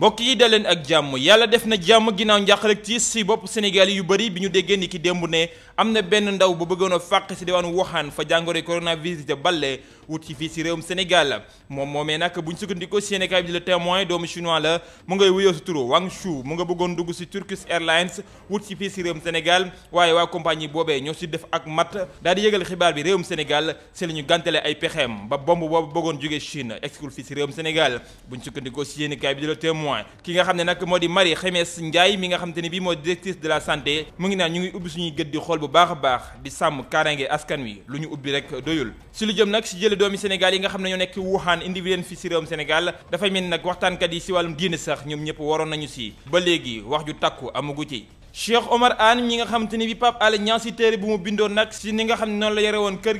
bokk yi daleen ak jàmm yàlla def na jàmm ginnaaw njàq rek ci si bopp Sénégal yu bëri bi ñu déggee ni ki démb ne am na benn ndaw bu bëggoon a fàq si diwaanu waxaan fa jàngoro coronavirus da balle wut ci fii si réewum Sénégal moom moomee nag bu ñu sukkandikoo si Sénégal bi le témoin doomu chinois la mu ngay wuyoo si turu Wang nga bëggoon dugg si Turkish Airlines wut si fii si réewum Sénégal waaye waa compagnie boobee ñoo si def ak mat daal di yëgal xibaar bi réewum Sénégal si la ñu ay pexeem ba bomb boobu bëggoon jógee Chine exclu si réewum Sénégal bu ñu témoin témoin ki nga xam ne nag moo di Marie Xemes Ndiaye mi nga xam te ne bii moo directrice de la santé mu ngi naan ñu ngi ubbi suñuy gët xool bu baax a baax di sàmm kaaraange askan wi lu ñu ubbi rek doyul si lu jëm nag si jële doomi Sénégal yi nga xam ne ñoo nekk Wuhan indi leen fi si réewum Sénégal dafay mel nag waxtaankat yi si wàllum diine sax ñoom ñëpp waroon nañu si ba léegi wax ju takku amagu ci Cheikh Omar Anne ñi nga xam ne noonu la yore woon kër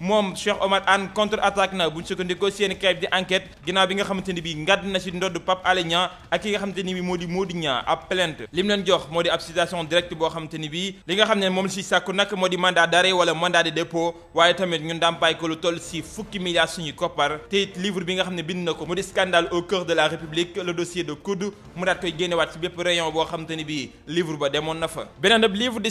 moom Cheikh Omar Anne contre attaque na bu ñu sukkandikoo seen kayit di enquête ginnaaw bi nga xamante ni bi ngàdd na si nga xamante bi moo di moo ab plainte li mu leen jox moo di ab citation directe boo xamante ni bi li nga xam ne moom si sàkku tamit ñun dàmpaay ko lu toll si fukki milliards suñuy koppar nga xam ne bind na ko mu di scandale au cœur de la république le dossier de Codou mu daat koy na fa beneen ab livre di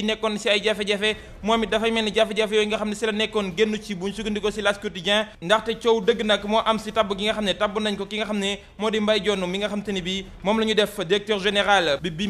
yi nekkoon si ay jafe-jafe moom it dafay mel ni jafe-jafe yooyu nga xam ne si la nekkoon génn ci buñ sukkandikoo si L'As Quotidien ndaxte coow dëgg nag moo am si tabb gi nga xam ne tabb nañ ko ki nga xam ne moo di Mbaye Dione mi nga xam te ni bi moom la ñu def directeur général bi bi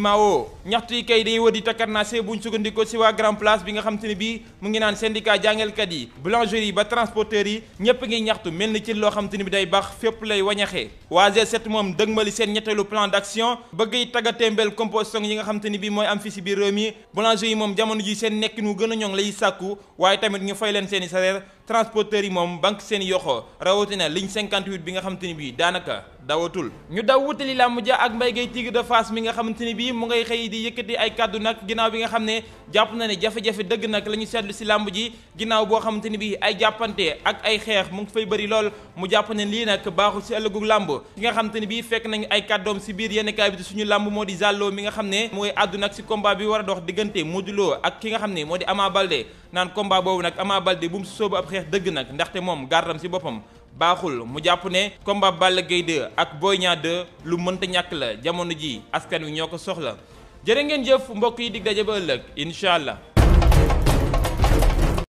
ñaxtu yi kay day wër di takkarnaase buñ sukkandikoo si waa Grand Place bi nga xam te ni bi mu ngi naan syndicat jàngalkat yi boulangerie ba yi ñëpp ngi ñaxtu mel ni ci loo xam te ni bi day baax fépp lay wañaxee waa G7 moom dëgmali seen ñetteelu plan d'action bëgg yi taggatémbel composition yi nga xam te ni bi mooy am si biir réew moom jamono ji seen nekk wu gën a ñoŋ lay sàkku waaye tamit ñu fay leen seeni i transporteurs yi moom banque seen yoxo rawatina cinquante 58 bi nga xamante ni bii daanaka dawatul ñu daw wutali làmb ja ak Mbaye Gueye Tigre de mi nga xamante ni bii mu ngay xëy di yëkkati ay kàddu nag ginnaaw bi nga xam ne jàpp na ne jafe-jafe dëgg nag la ñu seetlu si làmb ji ginnaaw boo xamante ni bii ay jàppante ak ay xeex mu ngi fay bëri lool mu jàpp ne lii nag baaxul si ëllëgu làmb ki nga xamante ni bii fekk nañu ay kàddoom si biir yenn kaay bi suñu làmb moo di Zallo mi xam ne mooy àddu nag si bi war a dox diggante Modou Lo ak ki nga xam ne moo di Ama Baldé naan combat boobu nag amaa Baldé bu mu sóobu ab xeex dëgg nag ndaxte moom gardam ci boppam baaxul mu jàpp ne combat Balla Gaye 2 ak Boy Niang 2 lu mënta ñàkk la jamono ji askan wi ñoo ko soxla jërë ngeen jëf mbokk yi dig daje ba ëllëg incha allah